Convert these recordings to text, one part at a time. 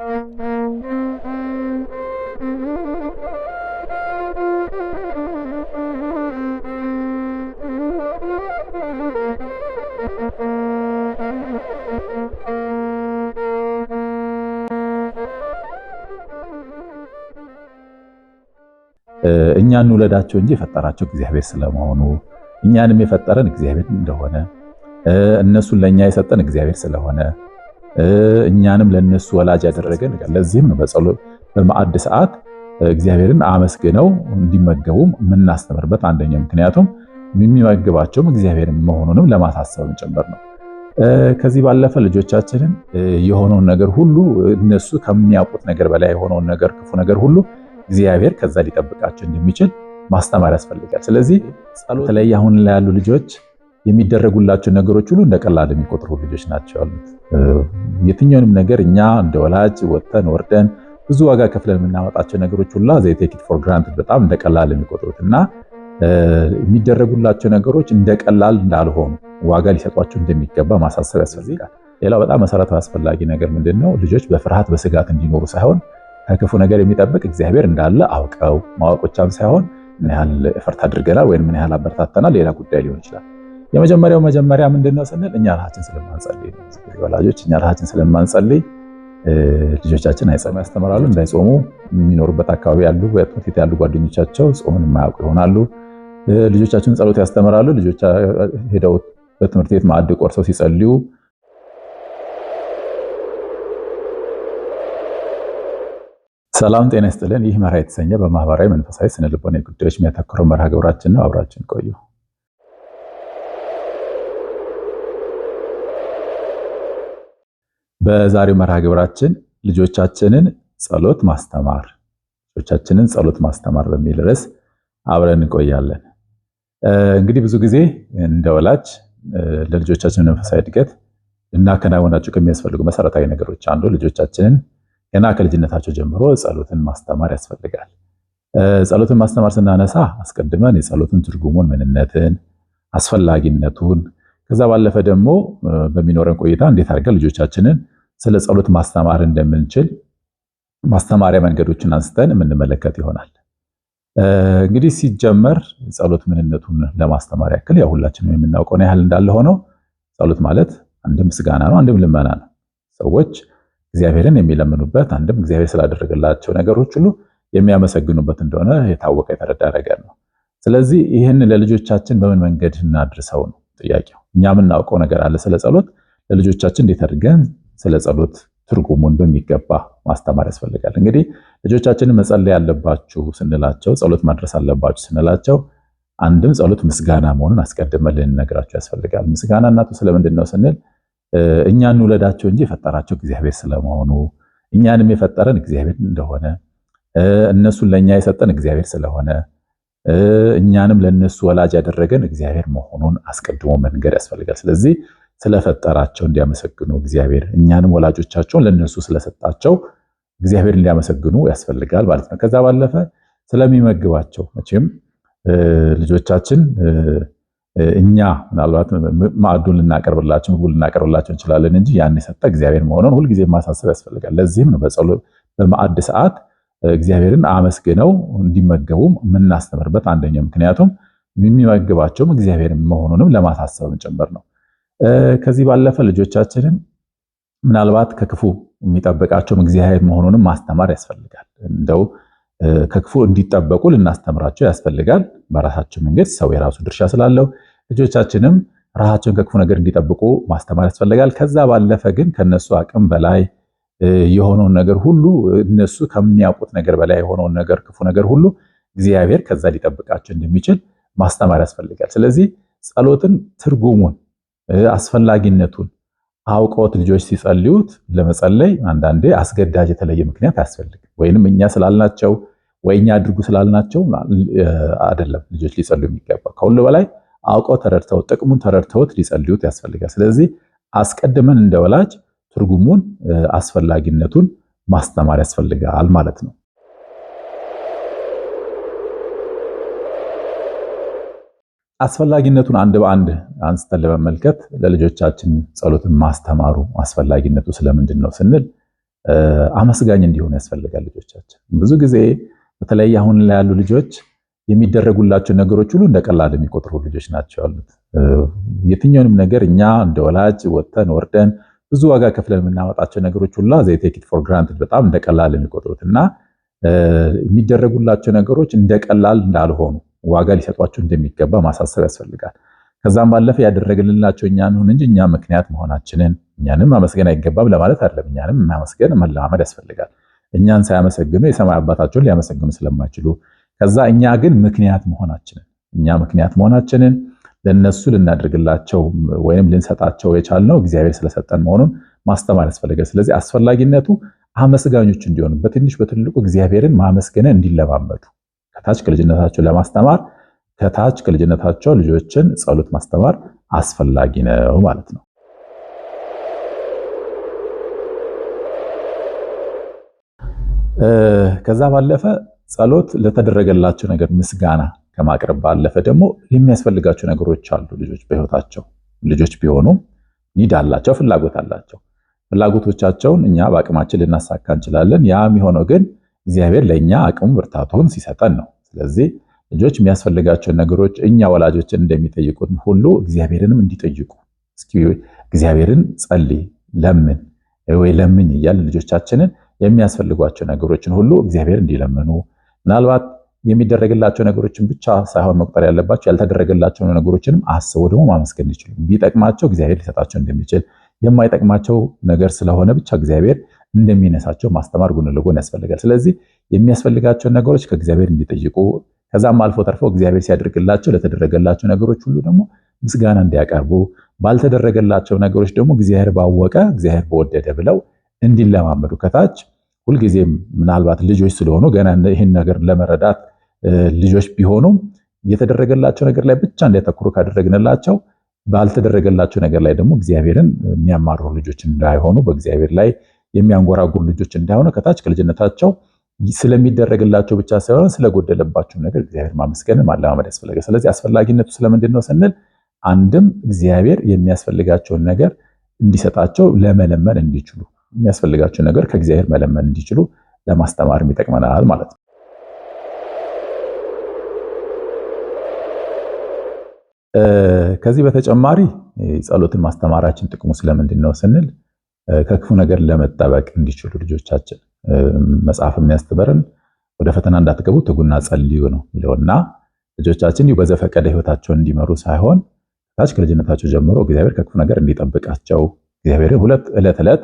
እኛ እንውለዳቸው እንጂ የፈጠራቸው እግዚአብሔር ስለመሆኑ እኛንም የፈጠረን እግዚአብሔር እንደሆነ እነሱን ለእኛ የሰጠን እግዚአብሔር ስለሆነ እኛንም ለነሱ ወላጅ ያደረገን። ለዚህም ነው በጸሎት በማዕድ ሰዓት እግዚአብሔርን አመስግነው እንዲመገቡ የምናስተምርበት አንደኛው ምክንያቱም የሚመግባቸውም እግዚአብሔር መሆኑንም ለማሳሰብ ጭምር ነው። ከዚህ ባለፈ ልጆቻችንን የሆነውን ነገር ሁሉ እነሱ ከሚያውቁት ነገር በላይ የሆነውን ነገር ክፉ ነገር ሁሉ እግዚአብሔር ከዛ ሊጠብቃቸው እንደሚችል ማስተማር ያስፈልጋል። ስለዚህ በተለይ አሁን ላይ ያሉ ልጆች የሚደረጉላቸው ነገሮች ሁሉ እንደ ቀላል የሚቆጥሩ ልጆች ናቸው ያሉት። የትኛውንም ነገር እኛ እንደ ወላጅ ወጥተን ወርደን ብዙ ዋጋ ከፍለን የምናመጣቸው ነገሮች ሁላ ዘይ ፎር ግራንትድ በጣም እንደ ቀላል የሚቆጥሩት እና የሚደረጉላቸው ነገሮች እንደ ቀላል እንዳልሆኑ ዋጋ ሊሰጧቸው እንደሚገባ ማሳሰብ ያስፈልጋል። ሌላው በጣም መሰረታዊ አስፈላጊ ነገር ምንድን ነው? ልጆች በፍርሃት በስጋት እንዲኖሩ ሳይሆን ከክፉ ነገር የሚጠብቅ እግዚአብሔር እንዳለ አውቀው ማወቆቻም ሳይሆን ምን ያህል እፈርት አድርገናል ወይም ምን ያህል አበረታተናል ሌላ ጉዳይ ሊሆን ይችላል የመጀመሪያው መጀመሪያ ምንድነው ስንል እኛ ራሳችን ስለማንጸልይ ነው። ወላጆች እኛ ራሳችን ስለማንጸልይ ልጆቻችን አይጾም ያስተምራሉ። እንዳይጾሙ የሚኖሩበት አካባቢ ያሉ በትምህርት ቤት ያሉ ጓደኞቻቸው ጾምን የማያውቁ ይሆናሉ። ልጆቻችን ጸሎት ያስተምራሉ። ልጆች ሄደው በትምህርት ቤት ማዕድ ቆርሰው ሲጸልዩ ሰላም ጤና ይስጥልን። ይህ መርሃ የተሰኘ በማህበራዊ መንፈሳዊ ስነልቦና ጉዳዮች የሚያተኩረው መርሃ ግብራችን ነው። አብራችን ቆዩ። በዛሬው መርሃ ግብራችን ልጆቻችንን ጸሎት ማስተማር ልጆቻችንን ጸሎት ማስተማር በሚል ርዕስ አብረን እንቆያለን። እንግዲህ ብዙ ጊዜ እንደ ወላጅ ለልጆቻችን መንፈሳዊ እድገት እናከናወናቸው ከሚያስፈልጉ መሰረታዊ ነገሮች አንዱ ልጆቻችንን ገና ከልጅነታቸው ጀምሮ ጸሎትን ማስተማር ያስፈልጋል። ጸሎትን ማስተማር ስናነሳ አስቀድመን የጸሎትን ትርጉሙን፣ ምንነትን፣ አስፈላጊነቱን ከዛ ባለፈ ደግሞ በሚኖረን ቆይታ እንዴት አድርገን ልጆቻችንን ስለ ጸሎት ማስተማር እንደምንችል ማስተማሪያ መንገዶችን አንስተን የምንመለከት ይሆናል። እንግዲህ ሲጀመር ጸሎት ምንነቱን ለማስተማር ያክል ያው ሁላችንም የምናውቀውን ያህል እንዳለ ሆነው ጸሎት ማለት አንድም ስጋና ነው፣ አንድም ልመና ነው። ሰዎች እግዚአብሔርን የሚለምኑበት አንድም እግዚአብሔር ስላደረገላቸው ነገሮች ሁሉ የሚያመሰግኑበት እንደሆነ የታወቀ የተረዳ ነገር ነው። ስለዚህ ይህን ለልጆቻችን በምን መንገድ እናድርሰው ነው ጥያቄው። እኛ የምናውቀው ነገር አለ ስለ ጸሎት፣ ለልጆቻችን እንዴት አድርገን ስለ ጸሎት ትርጉሙን በሚገባ ማስተማር ያስፈልጋል። እንግዲህ ልጆቻችን መጸለይ ያለባችሁ ስንላቸው፣ ጸሎት ማድረስ አለባችሁ ስንላቸው አንድም ጸሎት ምስጋና መሆኑን አስቀድመን ልንነግራቸው ያስፈልጋል። ምስጋና እናቱ ስለምንድን ነው ስንል እኛ እንውለዳቸው እንጂ የፈጠራቸው እግዚአብሔር ስለመሆኑ እኛንም የፈጠረን እግዚአብሔር እንደሆነ እነሱን ለእኛ የሰጠን እግዚአብሔር ስለሆነ እኛንም ለእነሱ ወላጅ ያደረገን እግዚአብሔር መሆኑን አስቀድሞ መንገድ ያስፈልጋል። ስለዚህ ስለፈጠራቸው እንዲያመሰግኑ እግዚአብሔር እኛንም ወላጆቻቸውን ለእነሱ ስለሰጣቸው እግዚአብሔር እንዲያመሰግኑ ያስፈልጋል ማለት ነው። ከዛ ባለፈ ስለሚመግባቸው መቼም ልጆቻችን እኛ ምናልባት ማዕዱን ልናቀርብላቸው ምግቡ ልናቀርብላቸው እንችላለን እንጂ ያን የሰጠ እግዚአብሔር መሆኑን ሁልጊዜ ማሳሰብ ያስፈልጋል። ለዚህም ነው በጸሎ በማዕድ ሰዓት እግዚአብሔርን አመስግነው እንዲመገቡ የምናስተምርበት አንደኛው ምክንያቱም የሚመግባቸውም እግዚአብሔር መሆኑንም ለማሳሰብም ጭምር ነው። ከዚህ ባለፈ ልጆቻችንን ምናልባት ከክፉ የሚጠብቃቸውም እግዚአብሔር መሆኑንም ማስተማር ያስፈልጋል። እንደው ከክፉ እንዲጠበቁ ልናስተምራቸው ያስፈልጋል። በራሳቸው መንገድ ሰው የራሱ ድርሻ ስላለው ልጆቻችንም ራሳቸውን ከክፉ ነገር እንዲጠብቁ ማስተማር ያስፈልጋል። ከዛ ባለፈ ግን ከነሱ አቅም በላይ የሆነውን ነገር ሁሉ እነሱ ከሚያውቁት ነገር በላይ የሆነውን ነገር ክፉ ነገር ሁሉ እግዚአብሔር ከዛ ሊጠብቃቸው እንደሚችል ማስተማር ያስፈልጋል። ስለዚህ ጸሎትን ትርጉሙን አስፈላጊነቱን አውቀውት ልጆች ሲጸልዩት ለመጸለይ አንዳንዴ አስገዳጅ የተለየ ምክንያት አያስፈልግም። ወይንም እኛ ስላልናቸው ወይ እኛ አድርጉ ስላልናቸው አይደለም ልጆች ሊጸልዩ የሚገባ። ከሁሉ በላይ አውቀው ተረድተው ጥቅሙን ተረድተውት ሊጸልዩት ያስፈልጋል። ስለዚህ አስቀድመን እንደ ወላጅ ትርጉሙን አስፈላጊነቱን ማስተማር ያስፈልጋል ማለት ነው። አስፈላጊነቱን አንድ በአንድ አንስተን ለመመልከት ለልጆቻችን ጸሎትን ማስተማሩ አስፈላጊነቱ ስለምንድን ነው ስንል አመስጋኝ እንዲሆኑ ያስፈልጋል። ልጆቻችን ብዙ ጊዜ በተለይ አሁን ላይ ያሉ ልጆች የሚደረጉላቸው ነገሮች ሁሉ እንደ ቀላል የሚቆጥሩ ልጆች ናቸው ያሉት። የትኛውንም ነገር እኛ እንደ ወላጅ ወጥተን ወርደን ብዙ ዋጋ ከፍለን የምናመጣቸው ነገሮች ሁላ ዘይ ቴክ ኢት ፎር ግራንትድ በጣም እንደ ቀላል የሚቆጥሩት እና የሚደረጉላቸው ነገሮች እንደ ቀላል እንዳልሆኑ ዋጋ ሊሰጧቸው እንደሚገባ ማሳሰብ ያስፈልጋል። ከዛም ባለፈ ያደረግልላቸው እኛ እንሁን እንጂ እኛ ምክንያት መሆናችንን እኛንም ማመስገን አይገባም ለማለት አይደለም። እኛንም ማመስገን መለማመድ ያስፈልጋል። እኛን ሳያመሰግኑ የሰማይ አባታቸውን ሊያመሰግኑ ስለማይችሉ፣ ከዛ እኛ ግን ምክንያት መሆናችንን እኛ ምክንያት መሆናችንን ለነሱ ልናደርግላቸው ወይም ልንሰጣቸው የቻልነው እግዚአብሔር ስለሰጠን መሆኑን ማስተማር ያስፈልጋል። ስለዚህ አስፈላጊነቱ አመስጋኞች እንዲሆኑ በትንሽ በትልቁ እግዚአብሔርን ማመስገን እንዲለማመዱ ከታች ከልጅነታቸው ለማስተማር ከታች ከልጅነታቸው ልጆችን ጸሎት ማስተማር አስፈላጊ ነው ማለት ነው። ከዛ ባለፈ ጸሎት ለተደረገላቸው ነገር ምስጋና ከማቅረብ ባለፈ ደግሞ የሚያስፈልጋቸው ነገሮች አሉ። ልጆች በህይወታቸው ልጆች ቢሆኑም ኒድ አላቸው፣ ፍላጎት አላቸው። ፍላጎቶቻቸውን እኛ በአቅማችን ልናሳካ እንችላለን። ያ የሚሆነው ግን እግዚአብሔር ለእኛ አቅሙ ብርታቱን ሲሰጠን ነው። ስለዚህ ልጆች የሚያስፈልጋቸውን ነገሮች እኛ ወላጆችን እንደሚጠይቁት ሁሉ እግዚአብሔርንም እንዲጠይቁ እስኪ እግዚአብሔርን ጸልይ፣ ለምን ወይ ለምኝ እያል ልጆቻችንን የሚያስፈልጓቸው ነገሮችን ሁሉ እግዚአብሔር እንዲለምኑ ምናልባት የሚደረግላቸው ነገሮችን ብቻ ሳይሆን መቁጠር ያለባቸው ያልተደረገላቸው ነገሮችንም አስቦ ደግሞ ማመስገን ይችሉ። ቢጠቅማቸው እግዚአብሔር ሊሰጣቸው እንደሚችል የማይጠቅማቸው ነገር ስለሆነ ብቻ እግዚአብሔር እንደሚነሳቸው ማስተማር ጎን ለጎን ያስፈልጋል። ስለዚህ የሚያስፈልጋቸውን ነገሮች ከእግዚአብሔር እንዲጠይቁ ከዛም አልፎ ተርፎ እግዚአብሔር ሲያደርግላቸው ለተደረገላቸው ነገሮች ሁሉ ደግሞ ምስጋና እንዲያቀርቡ፣ ባልተደረገላቸው ነገሮች ደግሞ እግዚአብሔር ባወቀ እግዚአብሔር በወደደ ብለው እንዲለማመዱ ከታች ሁልጊዜም ምናልባት ልጆች ስለሆኑ ገና ይህን ነገር ለመረዳት ልጆች ቢሆኑም የተደረገላቸው ነገር ላይ ብቻ እንዲያተኩሩ ካደረግንላቸው ባልተደረገላቸው ነገር ላይ ደግሞ እግዚአብሔርን የሚያማርሩ ልጆች እንዳይሆኑ በእግዚአብሔር ላይ የሚያንጎራጉር ልጆች እንዳይሆኑ ከታች ከልጅነታቸው ስለሚደረግላቸው ብቻ ሳይሆን ስለጎደለባቸው ነገር እግዚአብሔር ማመስገን ማለማመድ ያስፈልጋል። ስለዚህ አስፈላጊነቱ ስለምንድን ነው ስንል አንድም እግዚአብሔር የሚያስፈልጋቸውን ነገር እንዲሰጣቸው ለመለመን እንዲችሉ የሚያስፈልጋቸው ነገር ከእግዚአብሔር መለመን እንዲችሉ ለማስተማርም ይጠቅመናል ማለት ነው። ከዚህ በተጨማሪ ጸሎትን ማስተማራችን ጥቅሙ ስለምንድን ነው ስንል ከክፉ ነገር ለመጠበቅ እንዲችሉ ልጆቻችን መጽሐፍ የሚያስተምረን ወደ ፈተና እንዳትገቡ ትጉና ጸልዩ ነው የሚለውና ልጆቻችን በዘፈቀደ ህይወታቸውን እንዲመሩ ሳይሆን ታች ከልጅነታቸው ጀምሮ እግዚአብሔር ከክፉ ነገር እንዲጠብቃቸው እግዚአብሔርን ሁለት ዕለት ዕለት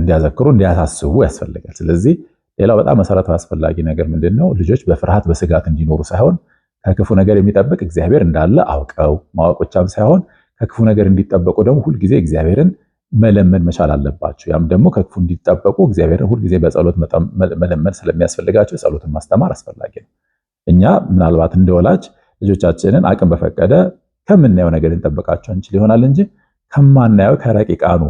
እንዲያዘክሩ እንዲያሳስቡ ያስፈልጋል። ስለዚህ ሌላው በጣም መሰረታዊ አስፈላጊ ነገር ምንድን ነው? ልጆች በፍርሃት በስጋት እንዲኖሩ ሳይሆን ከክፉ ነገር የሚጠብቅ እግዚአብሔር እንዳለ አውቀው ማወቅ ብቻም ሳይሆን ከክፉ ነገር እንዲጠበቁ ደግሞ ሁልጊዜ እግዚአብሔርን መለመን መቻል አለባቸው። ያም ደግሞ ከክፉ እንዲጠበቁ እግዚአብሔርን ሁልጊዜ በጸሎት መለመን ስለሚያስፈልጋቸው ጸሎትን ማስተማር አስፈላጊ ነው። እኛ ምናልባት እንደወላጅ ልጆቻችንን አቅም በፈቀደ ከምናየው ነገር ልንጠብቃቸው እንችል ይሆናል እንጂ ከማናየው ከረቂቃኑ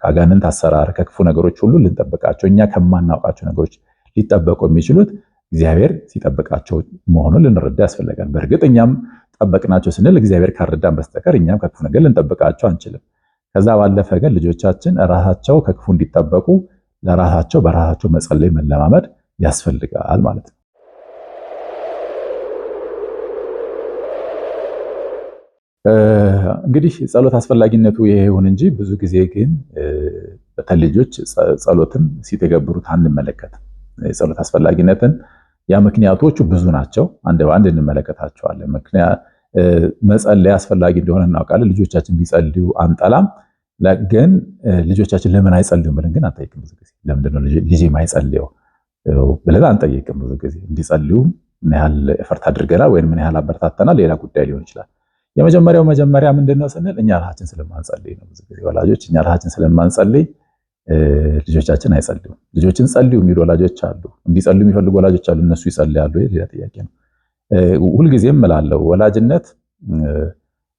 ከአጋንንት አሰራር ከክፉ ነገሮች ሁሉ ልንጠብቃቸው እኛ ከማናውቃቸው ነገሮች ሊጠበቁ የሚችሉት እግዚአብሔር ሲጠብቃቸው መሆኑን ልንረዳ ያስፈልጋል። በእርግጥ እኛም ጠበቅናቸው ስንል እግዚአብሔር ካልረዳን በስተቀር እኛም ከክፉ ነገር ልንጠብቃቸው አንችልም። ከዛ ባለፈ ግን ልጆቻችን ራሳቸው ከክፉ እንዲጠበቁ ለራሳቸው በራሳቸው መጸለይ መለማመድ ያስፈልጋል ማለት ነው። እንግዲህ ጸሎት አስፈላጊነቱ ይሄ ይሁን እንጂ ብዙ ጊዜ ግን በተለይ ልጆች ጸሎትን ሲተገብሩት አንመለከትም። የጸሎት አስፈላጊነትን ያ ምክንያቶቹ ብዙ ናቸው። አንድ በአንድ እንመለከታቸዋለን። መጸለይ አስፈላጊ እንደሆነ እናውቃለን። ልጆቻችን ቢጸልዩ አንጠላም። ግን ልጆቻችን ለምን አይጸልዩም ብለን ግን አንጠይቅም። ብዙ ጊዜ ለምንድነው ልጄ ማይጸልየው ብለን አንጠይቅም። ብዙ ጊዜ እንዲጸልዩም ምን ያህል እፈርት አድርገናል ወይም ምን ያህል አበረታተናል ሌላ ጉዳይ ሊሆን ይችላል። የመጀመሪያው መጀመሪያ ምንድነው ስንል እኛ ራሳችን ስለማንጸልይ ነው። ብዙ ጊዜ ወላጆች እኛ ራሳችን ስለማንጸልይ ልጆቻችን አይጸልዩም። ልጆችን ጸልዩ የሚሉ ወላጆች አሉ፣ እንዲጸልዩ የሚፈልጉ ወላጆች አሉ። እነሱ ይጸልያሉ? ሌላ ጥያቄ ነው። ሁልጊዜም እላለሁ ወላጅነት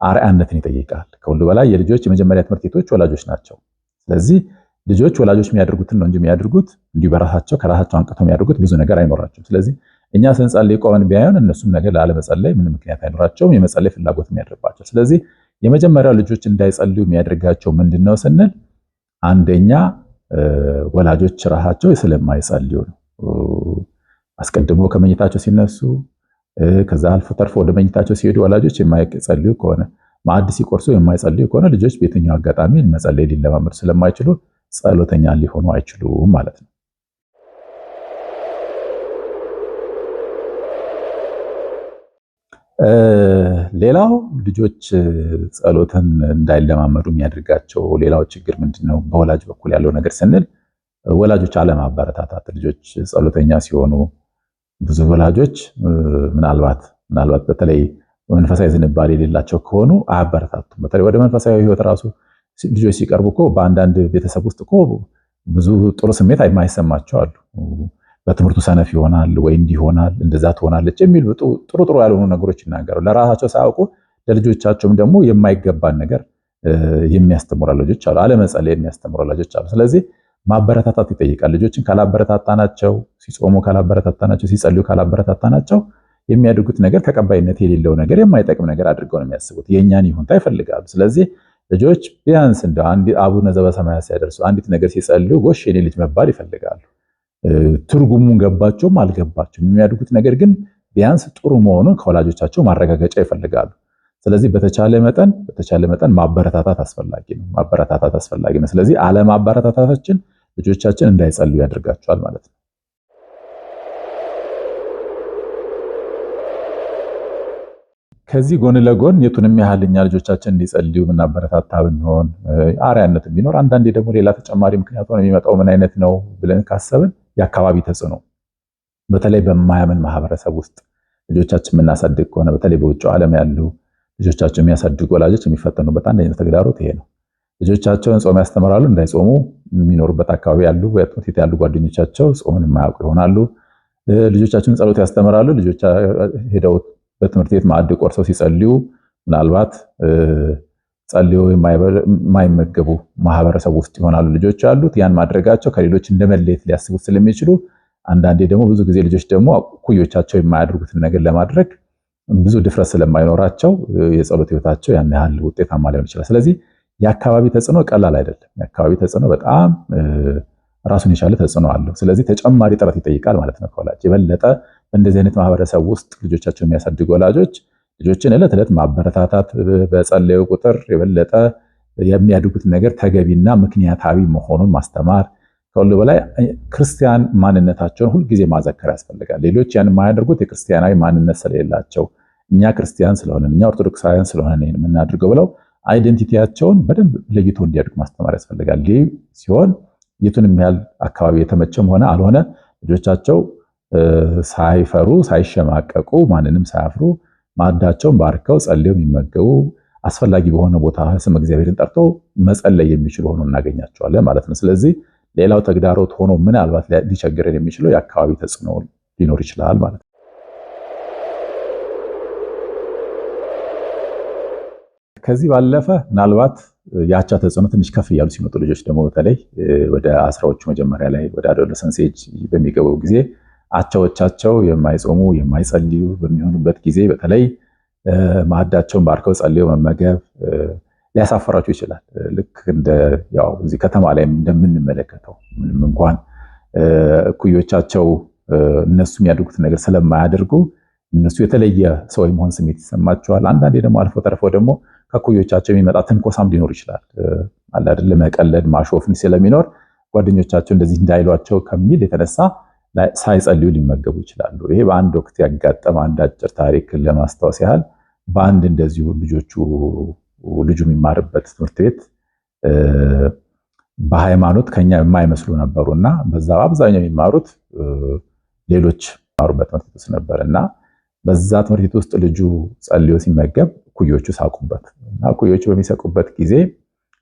አርአያነትን ይጠይቃል። ከሁሉ በላይ የልጆች የመጀመሪያ ትምህርት ቤቶች ወላጆች ናቸው። ስለዚህ ልጆች ወላጆች የሚያደርጉትን ነው እንጂ የሚያደርጉት እንዲሁ በራሳቸው ከራሳቸው አንቅተው የሚያደርጉት ብዙ ነገር አይኖራቸውም። ስለዚህ እኛ ስንጸልይ ቆመን ቢያዩን እነሱም ነገር ላለመጸለይ ምንም ምክንያት አይኖራቸውም፣ የመጸለይ ፍላጎት የሚያደርባቸው ስለዚህ የመጀመሪያው ልጆች እንዳይጸልዩ የሚያደርጋቸው ምንድን ነው ስንል አንደኛ ወላጆች ራሳቸው ስለማይጸልዩ ነው። አስቀድሞ ከመኝታቸው ሲነሱ ከዛ አልፎ ተርፎ ወደ መኝታቸው ሲሄዱ ወላጆች የማይጸልዩ ከሆነ ማዕድ ሲቆርሱ የማይጸልዩ ከሆነ ልጆች በየትኛው አጋጣሚ መጸለይ ሊለማመዱ ስለማይችሉ ጸሎተኛ ሊሆኑ አይችሉም ማለት ነው። ሌላው ልጆች ጸሎትን እንዳይለማመዱ የሚያደርጋቸው ሌላው ችግር ምንድን ነው? በወላጅ በኩል ያለው ነገር ስንል ወላጆች አለማበረታታት ልጆች ጸሎተኛ ሲሆኑ ብዙ ወላጆች ምናልባት ምናልባት በተለይ መንፈሳዊ ዝንባሌ የሌላቸው ከሆኑ አያበረታቱም። በተለይ ወደ መንፈሳዊ ህይወት ራሱ ልጆች ሲቀርቡ እኮ በአንዳንድ ቤተሰብ ውስጥ እኮ ብዙ ጥሩ ስሜት የማይሰማቸው አሉ። በትምህርቱ ሰነፍ ይሆናል ወይ እንዲሆናል እንደዛ ትሆናለች የሚል ጥሩ ጥሩ ያልሆኑ ነገሮች ይናገራሉ። ለራሳቸው ሳያውቁ ለልጆቻቸውም ደግሞ የማይገባን ነገር የሚያስተምሩ ወላጆች አሉ። አለመጸለይ የሚያስተምሩ ወላጆች አሉ። ስለዚህ ማበረታታት ይጠይቃል። ልጆችን ካላበረታታናቸው፣ ሲጾሙ ካላበረታታናቸው፣ ሲጸልዩ ካላበረታታናቸው የሚያድጉት ነገር ተቀባይነት የሌለው ነገር የማይጠቅም ነገር አድርገው ነው የሚያስቡት። የእኛን ይሁንታ ይፈልጋሉ። ስለዚህ ልጆች ቢያንስ እንደ አንድ አቡነ ዘበሰማያት ሲያደርሱ አንዲት ነገር ሲጸልዩ ጎሽ የኔ ልጅ መባል ይፈልጋሉ። ትርጉሙን ገባቸውም አልገባቸውም የሚያድጉት ነገር ግን ቢያንስ ጥሩ መሆኑን ከወላጆቻቸው ማረጋገጫ ይፈልጋሉ። ስለዚህ በተቻለ መጠን በተቻለ መጠን ማበረታታት አስፈላጊ ነው። ማበረታታት አስፈላጊ ነው። ስለዚህ አለማበረታታታችን ልጆቻችን እንዳይጸልዩ ያደርጋቸዋል ማለት ነው። ከዚህ ጎን ለጎን የቱንም ያህል እኛ ልጆቻችን እንዲጸልዩ ምናበረታታ ብንሆን አርያነት ቢኖር አንዳንዴ ደግሞ ሌላ ተጨማሪ ምክንያት ሆነ የሚመጣው ምን አይነት ነው ብለን ካሰብን የአካባቢ ተጽዕኖ፣ በተለይ በማያምን ማህበረሰብ ውስጥ ልጆቻችን የምናሳድግ ከሆነ በተለይ በውጭ ዓለም ያሉ ልጆቻቸው የሚያሳድጉ ወላጆች የሚፈተኑበት አንደኛ ተግዳሮት ይሄ ነው። ልጆቻቸውን ጾም ያስተምራሉ፣ እንዳይጾሙ የሚኖሩበት አካባቢ ያሉ በትምህርት ያሉ ጓደኞቻቸው ጾምን የማያውቁ ይሆናሉ። ልጆቻቸውን ጸሎት ያስተምራሉ። ልጆች ሄደው በትምህርት ቤት ማዕድ ቆርሰው ሲጸልዩ ምናልባት ጸልዮ የማይመገቡ ማህበረሰብ ውስጥ ይሆናሉ ልጆች ያሉት። ያን ማድረጋቸው ከሌሎች እንደመለየት ሊያስቡት ስለሚችሉ አንዳንዴ ደግሞ ብዙ ጊዜ ልጆች ደግሞ ኩዮቻቸው የማያደርጉትን ነገር ለማድረግ ብዙ ድፍረት ስለማይኖራቸው የጸሎት ህይወታቸው ያን ያህል ውጤታማ ሊሆን ይችላል። ስለዚህ የአካባቢ ተጽዕኖ ቀላል አይደለም። የአካባቢ ተጽዕኖ በጣም ራሱን የቻለ ተጽዕኖ አለው። ስለዚህ ተጨማሪ ጥረት ይጠይቃል ማለት ነው ከወላጅ የበለጠ በእንደዚህ አይነት ማህበረሰብ ውስጥ ልጆቻቸው የሚያሳድጉ ወላጆች ልጆችን እለት እለት ማበረታታት በጸለዩ ቁጥር የበለጠ የሚያድጉት ነገር ተገቢና ምክንያታዊ መሆኑን ማስተማር፣ ከሁሉ በላይ ክርስቲያን ማንነታቸውን ሁልጊዜ ማዘከር ያስፈልጋል። ሌሎች ያን የማያደርጉት የክርስቲያናዊ ማንነት ስለሌላቸው እኛ ክርስቲያን ስለሆነን እኛ ኦርቶዶክሳውያን ስለሆነን የምናድርገው የምናደርገው ብለው አይደንቲቲያቸውን በደንብ ለይቶ እንዲያድግ ማስተማር ያስፈልጋል። ይህ ሲሆን የቱንም ያህል አካባቢ የተመቸም ሆነ አልሆነ ልጆቻቸው ሳይፈሩ ሳይሸማቀቁ ማንንም ሳያፍሩ ማዕዳቸውን ባርከው ጸልዮ የሚመገቡ አስፈላጊ በሆነ ቦታ ስም እግዚአብሔርን ጠርቶ መጸለይ የሚችሉ ሆኖ እናገኛቸዋለን ማለት ነው። ስለዚህ ሌላው ተግዳሮት ሆኖ ምናልባት ሊቸግረን የሚችለው የአካባቢ ተጽዕኖ ሊኖር ይችላል ማለት ነው። ከዚህ ባለፈ ምናልባት የአቻ ተጽዕኖ ትንሽ ከፍ እያሉ ሲመጡ ልጆች ደግሞ በተለይ ወደ አስራዎቹ መጀመሪያ ላይ ወደ አዶለሰንስ ኤጅ በሚገቡ ጊዜ አቻዎቻቸው የማይጾሙ የማይጸልዩ በሚሆኑበት ጊዜ በተለይ ማዕዳቸውን ባርከው ጸልዮ መመገብ ሊያሳፈራቸው ይችላል። ልክ እንደ ያው እዚህ ከተማ ላይ እንደምንመለከተው ምንም እንኳን እኩዮቻቸው እነሱ የሚያደርጉትን ነገር ስለማያደርጉ እነሱ የተለየ ሰው የመሆን ስሜት ይሰማቸዋል። አንዳንዴ ደግሞ አልፎ ተርፎ ደግሞ ከኩዮቻቸው የሚመጣ ትንኮሳም ሊኖር ይችላል። አለ አይደል መቀለድ፣ ማሾፍን ስለሚኖር ጓደኞቻቸው እንደዚህ እንዳይሏቸው ከሚል የተነሳ ሳይጸልዩ ሊመገቡ ይችላሉ። ይሄ በአንድ ወቅት ያጋጠመ አንድ አጭር ታሪክ ለማስታወስ ያህል በአንድ እንደዚሁ ልጆቹ ልጁ የሚማርበት ትምህርት ቤት በሃይማኖት ከኛ የማይመስሉ ነበሩ እና በዛ አብዛኛው የሚማሩት ሌሎች ማሩበት ትምህርት ቤት ውስጥ ነበር እና በዛ ትምህርት ቤት ውስጥ ልጁ ጸልዮ ሲመገብ ኩዮቹ ሳቁበት እና ኩዮቹ በሚሰቁበት ጊዜ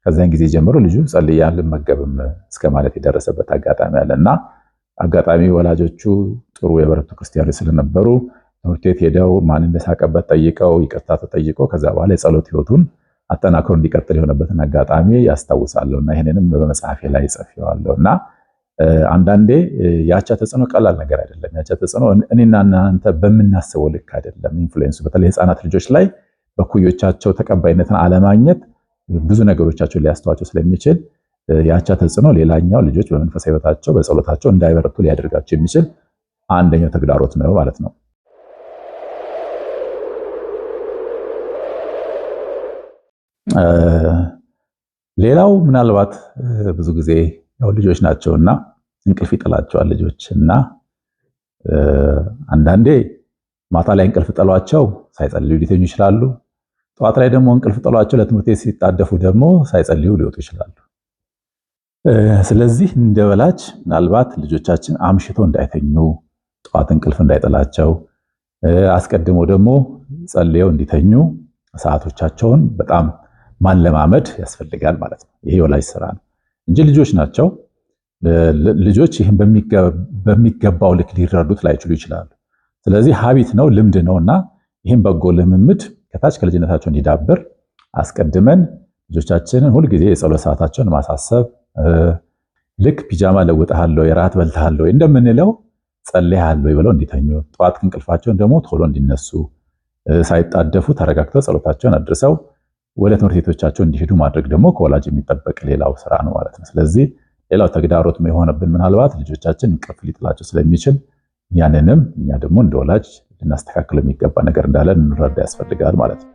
ከዚያን ጊዜ ጀምሮ ልጁ ጸልያ ልመገብም እስከ ማለት የደረሰበት አጋጣሚ አለ እና አጋጣሚ ወላጆቹ ጥሩ የበረቱ ክርስቲያኖች ስለነበሩ ትምህርት ቤት ሄደው ማን እንደሳቀበት ጠይቀው ይቅርታ ተጠይቆ ከዛ በኋላ የጸሎት ህይወቱን አጠናክሮ እንዲቀጥል የሆነበትን አጋጣሚ ያስታውሳለሁ እና ይህንንም በመጽሐፌ ላይ ጽፌዋለሁ እና አንዳንዴ ያቻ ተጽዕኖ ቀላል ነገር አይደለም። ያቻ ተጽዕኖ እኔና እናንተ በምናስበው ልክ አይደለም። ኢንፍሉዌንሱ በተለይ ህፃናት ልጆች ላይ በኩዮቻቸው ተቀባይነትን አለማግኘት ብዙ ነገሮቻቸውን ሊያስተዋቸው ስለሚችል ያቻ ተጽዕኖ ሌላኛው ልጆች በመንፈሳዊ ህይወታቸው በጸሎታቸው እንዳይበረቱ ሊያደርጋቸው የሚችል አንደኛው ተግዳሮት ነው ማለት ነው። ሌላው ምናልባት ብዙ ጊዜ ያው ልጆች ናቸውና እንቅልፍ ይጥላቸዋል ልጆች እና አንዳንዴ ማታ ላይ እንቅልፍ ጥሏቸው ሳይጸልዩ ሊተኙ ይችላሉ። ጠዋት ላይ ደግሞ እንቅልፍ ጥሏቸው ለትምህርት ቤት ሲጣደፉ ደግሞ ሳይጸልዩ ሊወጡ ይችላሉ። ስለዚህ እንደ ምናልባት ልጆቻችን አምሽቶ እንዳይተኙ፣ ጠዋት እንቅልፍ እንዳይጠላቸው፣ አስቀድሞ ደግሞ ጸልየው እንዲተኙ ሰዓቶቻቸውን በጣም ማለማመድ ያስፈልጋል ማለት ነው። ይሄ የወላጅ ስራ ነው እንጂ ልጆች ናቸው። ልጆች ይህን በሚገባው ልክ ሊረዱት ላይችሉ ይችላሉ። ስለዚህ ሀቢት ነው ልምድ ነው እና ይህን በጎ ልምምድ ከታች ከልጅነታቸው እንዲዳብር አስቀድመን ልጆቻችንን ሁልጊዜ የጸሎት ሰዓታቸውን ማሳሰብ ልክ ፒጃማ ለውጠሃለ የራት በልተሃለ እንደምንለው ጸልያለ ብለው እንዲተኙ፣ ጠዋት እንቅልፋቸውን ደግሞ ቶሎ እንዲነሱ፣ ሳይጣደፉ ተረጋግተው ጸሎታቸውን አድርሰው ወደ ትምህርት ቤቶቻቸው እንዲሄዱ ማድረግ ደግሞ ከወላጅ የሚጠበቅ ሌላው ስራ ነው ማለት ነው። ስለዚህ ሌላው ተግዳሮት የሆነብን ምናልባት ልጆቻችን እንቅልፍ ሊጥላቸው ስለሚችል ያንንም እኛ ደግሞ እንደ ወላጅ ልናስተካክል የሚገባ ነገር እንዳለ እንረዳ ያስፈልጋል ማለት ነው።